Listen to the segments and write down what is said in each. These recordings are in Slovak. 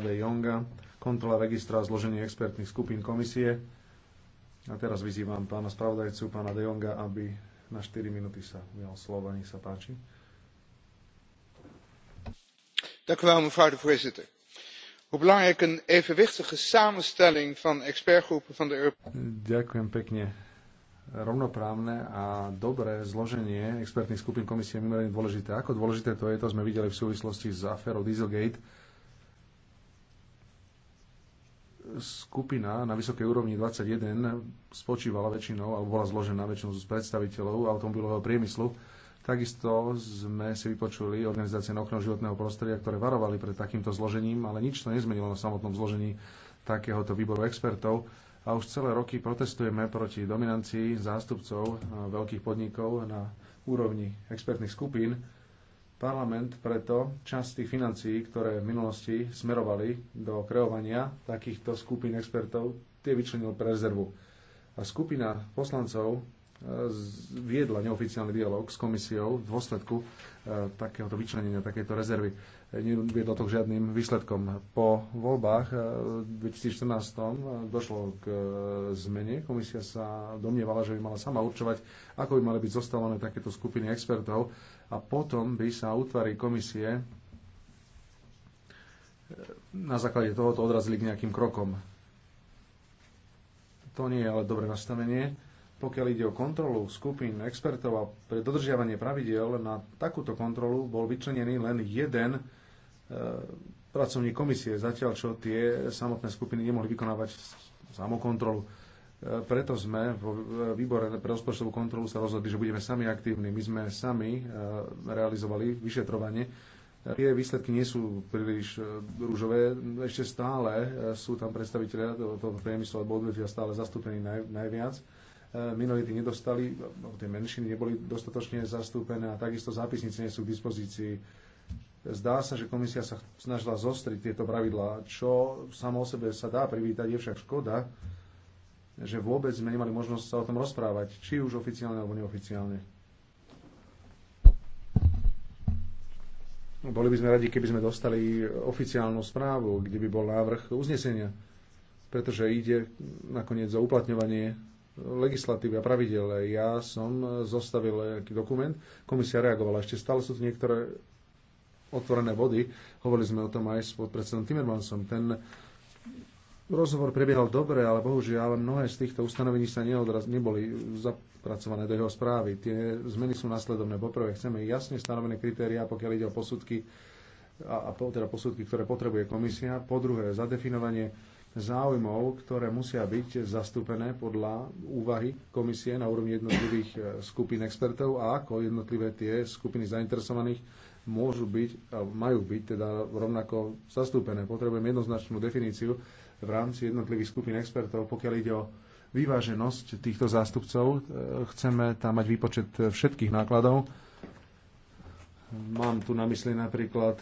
de Jonga, kontrola registra a zloženie expertných skupín komisie. A teraz vyzývam pána spravodajcu, pána de Jonga, aby na 4 minúty sa ujal slova. Nech sa páči. Dank u wel, mevrouw de voorzitter. Hoe belangrijk een evenwichtige samenstelling van expertgroepen van de Europese. Ďakujem pekne rovnoprávne a dobré zloženie expertných skupín komisie je mimoriadne dôležité. Ako dôležité to je, to sme videli v súvislosti s aférou Dieselgate, skupina na vysokej úrovni 21 spočívala väčšinou, alebo bola zložená väčšinou z predstaviteľov automobilového priemyslu. Takisto sme si vypočuli organizácie na ochranu životného prostredia, ktoré varovali pred takýmto zložením, ale nič to nezmenilo na samotnom zložení takéhoto výboru expertov. A už celé roky protestujeme proti dominancii zástupcov eh, veľkých podnikov na úrovni expertných skupín Parlament preto časť tých financií, ktoré v minulosti smerovali do kreovania takýchto skupín expertov, tie vyčlenil pre rezervu. A skupina poslancov viedla neoficiálny dialog s komisiou v dôsledku e, takéhoto vyčlenenia, takéto rezervy. E, neviedlo to k žiadnym výsledkom. Po voľbách e, v 2014 došlo k zmene. Komisia sa domnievala, že by mala sama určovať, ako by mali byť zostavené takéto skupiny expertov a potom by sa útvary komisie na základe tohoto odrazili k nejakým krokom. To nie je ale dobré nastavenie pokiaľ ide o kontrolu skupín expertov a pre dodržiavanie pravidiel, na takúto kontrolu bol vyčlenený len jeden e, pracovník komisie, zatiaľ čo tie samotné skupiny nemohli vykonávať samokontrolu. E, preto sme vo výbore pre rozpočtovú kontrolu sa rozhodli, že budeme sami aktívni. My sme sami e, realizovali vyšetrovanie, Tie výsledky nie sú príliš e, rúžové. Ešte stále e, sú tam predstaviteľe toho priemyslu alebo odvetvia stále zastúpení naj, najviac minority nedostali, tie menšiny neboli dostatočne zastúpené a takisto zápisnice nie sú k dispozícii. Zdá sa, že komisia sa snažila zostriť tieto pravidlá, čo samo o sebe sa dá privítať, je však škoda, že vôbec sme nemali možnosť sa o tom rozprávať, či už oficiálne alebo neoficiálne. Boli by sme radi, keby sme dostali oficiálnu správu, kde by bol návrh uznesenia, pretože ide nakoniec o uplatňovanie legislatívy a pravidel. Ja som zostavil nejaký dokument, komisia reagovala, ešte stále sú tu niektoré otvorené body. Hovorili sme o tom aj s podpredsedom Timmermansom. Ten rozhovor prebiehal dobre, ale bohužiaľ mnohé z týchto ustanovení sa neodraz, neboli zapracované do jeho správy. Tie zmeny sú následovné. Poprvé, chceme jasne stanovené kritériá, pokiaľ ide o posudky, a, a teda posudky, ktoré potrebuje komisia. Po druhé, zadefinovanie záujmov, ktoré musia byť zastúpené podľa úvahy komisie na úrovni jednotlivých e, skupín expertov a ako jednotlivé tie skupiny zainteresovaných môžu byť, majú byť teda rovnako zastúpené. Potrebujem jednoznačnú definíciu v rámci jednotlivých skupín expertov, pokiaľ ide o vyváženosť týchto zástupcov. E, chceme tam mať výpočet všetkých nákladov. Mám tu na mysli napríklad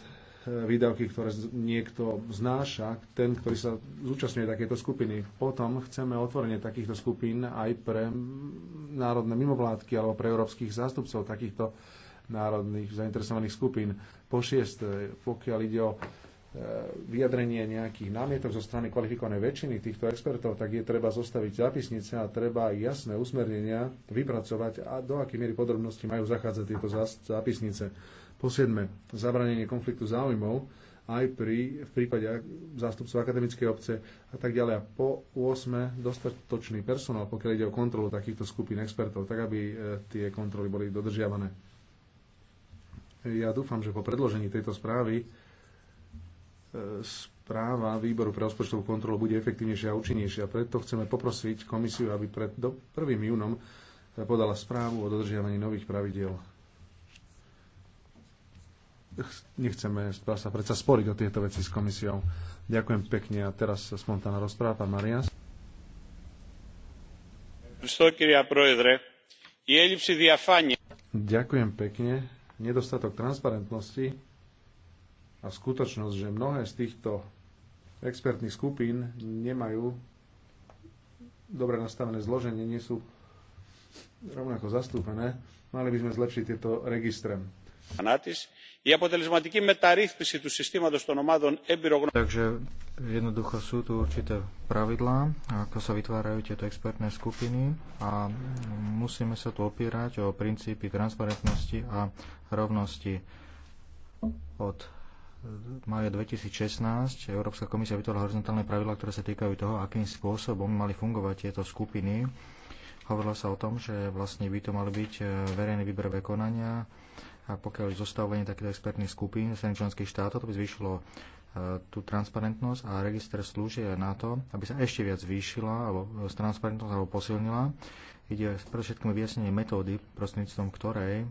výdavky, ktoré niekto znáša, ten, ktorý sa zúčastňuje takéto skupiny. Potom chceme otvorenie takýchto skupín aj pre národné mimovládky alebo pre európskych zástupcov takýchto národných zainteresovaných skupín. Po šieste, pokiaľ ide o e, vyjadrenie nejakých námietok zo strany kvalifikovanej väčšiny týchto expertov, tak je treba zostaviť zápisnice a treba jasné usmernenia vypracovať a do akej miery podrobnosti majú zachádzať tieto zápisnice. Po siedme, zabranenie konfliktu záujmov aj pri, v prípade zástupcov akademickej obce a tak ďalej. A po 8. dostatočný personál, pokiaľ ide o kontrolu takýchto skupín expertov, tak aby e, tie kontroly boli dodržiavané. Ja dúfam, že po predložení tejto správy e, správa výboru pre rozpočtovú kontrolu bude efektívnejšia a účinnejšia. Preto chceme poprosiť komisiu, aby pred 1. júnom e, podala správu o dodržiavaní nových pravidiel nechceme sa predsa sporiť o tieto veci s komisiou. Ďakujem pekne a teraz spontánna rozpráva, pán Marias. Ďakujem pekne. Nedostatok transparentnosti a skutočnosť, že mnohé z týchto expertných skupín nemajú dobre nastavené zloženie, nie sú rovnako zastúpené, mali by sme zlepšiť tieto registre. Takže jednoducho sú tu určité pravidlá, ako sa vytvárajú tieto expertné skupiny a musíme sa tu opierať o princípy transparentnosti a rovnosti. Od maja 2016 Európska komisia vytvorila horizontálne pravidlá, ktoré sa týkajú toho, akým spôsobom mali fungovať tieto skupiny. Hovorilo sa o tom, že vlastne by to mali byť eh, verejné výberové konania, a pokiaľ zostavovanie takýchto expertných skupín z členských štátov, to by zvýšilo e, tú transparentnosť a register slúžia na to, aby sa ešte viac zvýšila alebo e, transparentnosť alebo posilnila. Ide všetkým vyjasnenie metódy, prostredníctvom ktorej e,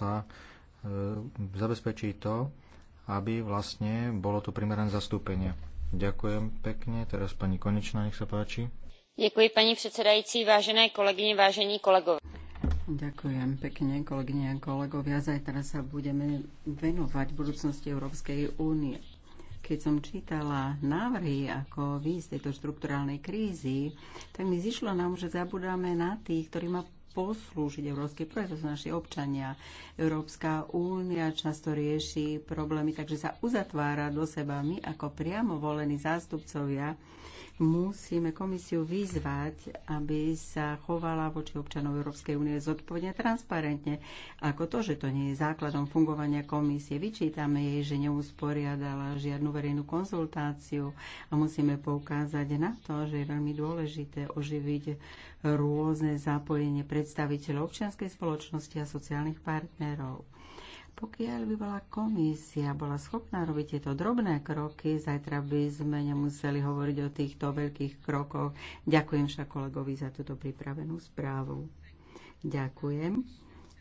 sa zabezpečí to, aby vlastne bolo tu primerané zastúpenie. Ďakujem pekne. Teraz pani Konečná, nech sa páči. Ďakujem pani predsedajúci, vážené kolegyne, vážení kolegovia Ďakujem pekne, kolegyne a kolegovia. Zajtra sa budeme venovať budúcnosti Európskej únie. Keď som čítala návrhy, ako výjsť z tejto štrukturálnej krízy, tak mi zišlo nám, že zabudáme na tých, ktorí ma poslúžiť európsky projekt, to sú naši občania. Európska únia často rieši problémy, takže sa uzatvára do seba. My ako priamo volení zástupcovia musíme komisiu vyzvať, aby sa chovala voči občanov Európskej únie zodpovedne transparentne, ako to, že to nie je základom fungovania komisie. Vyčítame jej, že neusporiadala žiadnu verejnú konzultáciu a musíme poukázať na to, že je veľmi dôležité oživiť rôzne zapojenie predstaviteľov občianskej spoločnosti a sociálnych partnerov. Pokiaľ by bola komisia bola schopná robiť tieto drobné kroky, zajtra by sme nemuseli hovoriť o týchto veľkých krokoch. Ďakujem však kolegovi za túto pripravenú správu. Ďakujem.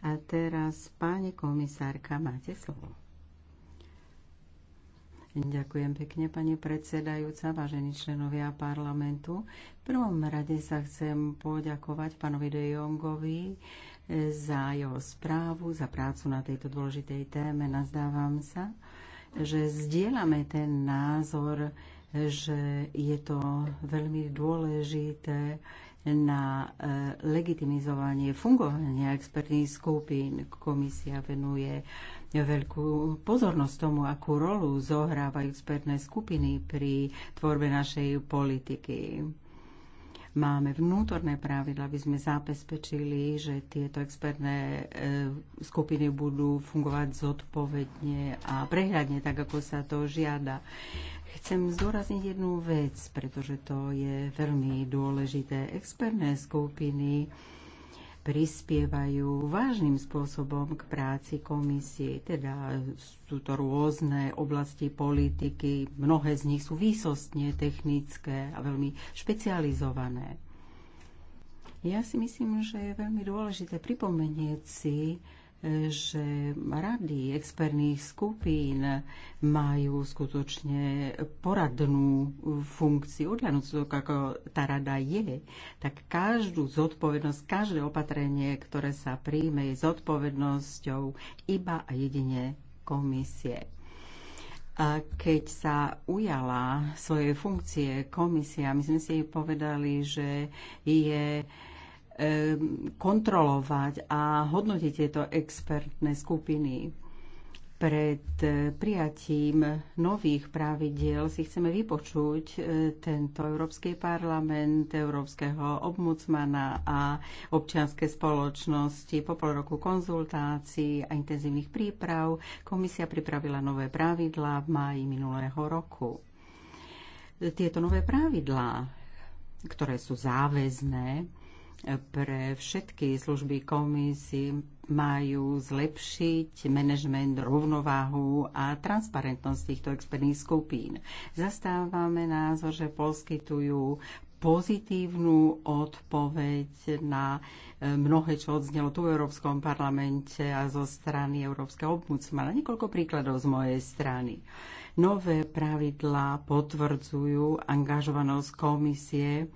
A teraz, pani komisárka, máte slovo. Ďakujem pekne, pani predsedajúca, vážení členovia parlamentu. V prvom rade sa chcem poďakovať pánovi De Jongovi eh, za jeho správu, za prácu na tejto dôležitej téme. Nazdávam sa, že zdieľame ten názor, že je to veľmi dôležité na eh, legitimizovanie fungovania expertných skupín. Komisia venuje veľkú pozornosť tomu, akú rolu zohrávajú expertné skupiny pri tvorbe našej politiky. Máme vnútorné pravidla, aby sme zabezpečili, že tieto expertné e, skupiny budú fungovať zodpovedne a prehľadne, tak ako sa to žiada. Chcem zdôrazniť jednu vec, pretože to je veľmi dôležité. Expertné skupiny prispievajú vážnym spôsobom k práci komisie. Teda sú to rôzne oblasti politiky, mnohé z nich sú výsostne technické a veľmi špecializované. Ja si myslím, že je veľmi dôležité pripomenieť si, že rady experných skupín majú skutočne poradnú funkciu. Odľanúc to, ako tá rada je, tak každú zodpovednosť, každé opatrenie, ktoré sa príjme, je zodpovednosťou iba a jedine komisie. A keď sa ujala svoje funkcie komisia, my sme si povedali, že je kontrolovať a hodnotiť tieto expertné skupiny. Pred eh, prijatím nových pravidiel si chceme vypočuť eh, tento Európsky parlament, Európskeho obmucmana a občianske spoločnosti. Po pol roku konzultácií a intenzívnych príprav komisia pripravila nové pravidlá v máji minulého roku. Tieto nové pravidlá, ktoré sú záväzné, pre všetky služby komisie majú zlepšiť manažment, rovnováhu a transparentnosť týchto expertných skupín. Zastávame názor, že poskytujú pozitívnu odpoveď na e, mnohé, čo odznelo tu v Európskom parlamente a zo strany Európskeho obmucmana. Niekoľko príkladov z mojej strany. Nové pravidlá potvrdzujú angažovanosť komisie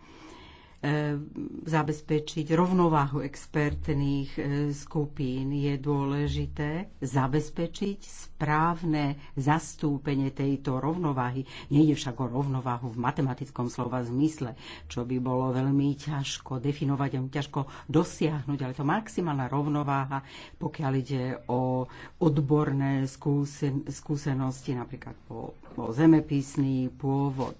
Eh, zabezpečiť rovnováhu expertných eh, skupín. Je dôležité zabezpečiť správne zastúpenie tejto rovnováhy. Nejde však o rovnováhu v matematickom slova zmysle, čo by bolo veľmi ťažko definovať a ťažko dosiahnuť, ale to maximálna rovnováha, pokiaľ ide o odborné skúsenosti, napríklad po, po zemepisný pôvod.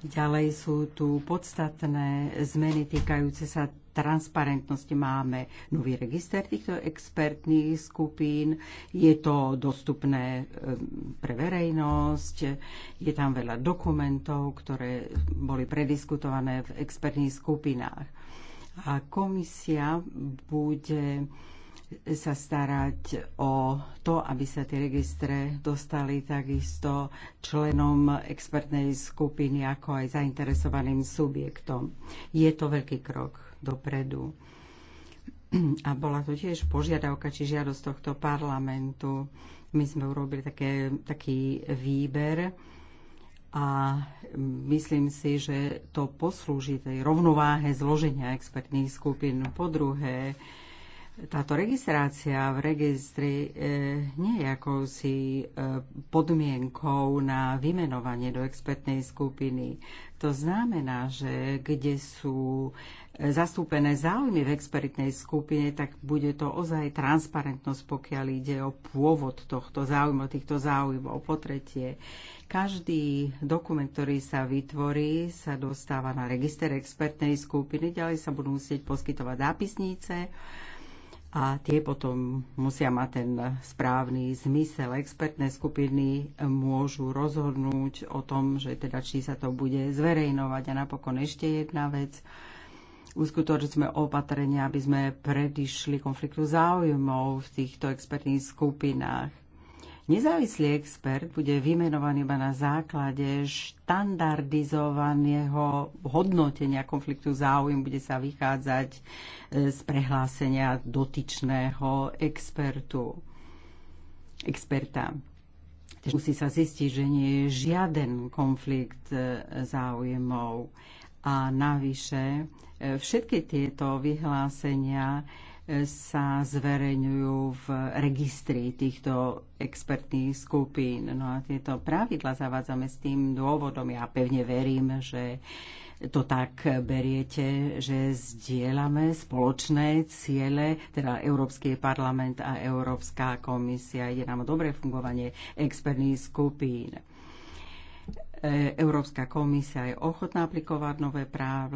Ďalej sú tu podstatné zmeny týkajúce sa transparentnosti. Máme nový register týchto expertných skupín, je to dostupné e, pre verejnosť, je tam veľa dokumentov, ktoré boli prediskutované v expertných skupinách. A komisia bude sa starať o to, aby sa tie registre dostali takisto členom expertnej skupiny, ako aj zainteresovaným subjektom. Je to veľký krok dopredu. A bola to tiež požiadavka či žiadosť tohto parlamentu. My sme urobili také, taký výber a myslím si, že to poslúži tej rovnováhe zloženia expertných skupín. Po druhé, táto registrácia v registri e, nie je akousi e, podmienkou na vymenovanie do expertnej skupiny. To znamená, že kde sú e, zastúpené záujmy v expertnej skupine, tak bude to ozaj transparentnosť, pokiaľ ide o pôvod tohto záujmu, týchto záujmov. Po tretie, každý dokument, ktorý sa vytvorí, sa dostáva na register expertnej skupiny, ďalej sa budú musieť poskytovať zápisnice, a tie potom musia mať ten správny zmysel. Expertné skupiny môžu rozhodnúť o tom, že teda či sa to bude zverejnovať. A napokon ešte jedna vec. Uskutočili sme opatrenia, aby sme predišli konfliktu záujmov v týchto expertných skupinách. Nezávislý expert bude vymenovaný iba na základe štandardizovaného hodnotenia konfliktu záujmu. Bude sa vychádzať e, z prehlásenia dotyčného expertu, experta. Tež musí sa zistiť, že nie je žiaden konflikt e, záujmov. A navyše e, všetky tieto vyhlásenia sa zverejňujú v registri týchto expertných skupín. No a tieto pravidla zavádzame s tým dôvodom. Ja pevne verím, že to tak beriete, že zdieľame spoločné ciele, teda Európsky parlament a Európska komisia. Ide nám o dobré fungovanie expertných skupín. E, Európska komisia je ochotná aplikovať nové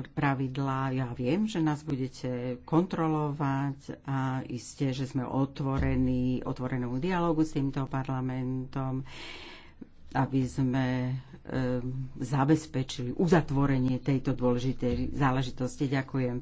pravidlá. Ja viem, že nás budete kontrolovať a iste, že sme otvorení otvorenému dialogu s týmto parlamentom, aby sme e, zabezpečili uzatvorenie tejto dôležitej záležitosti. Ďakujem.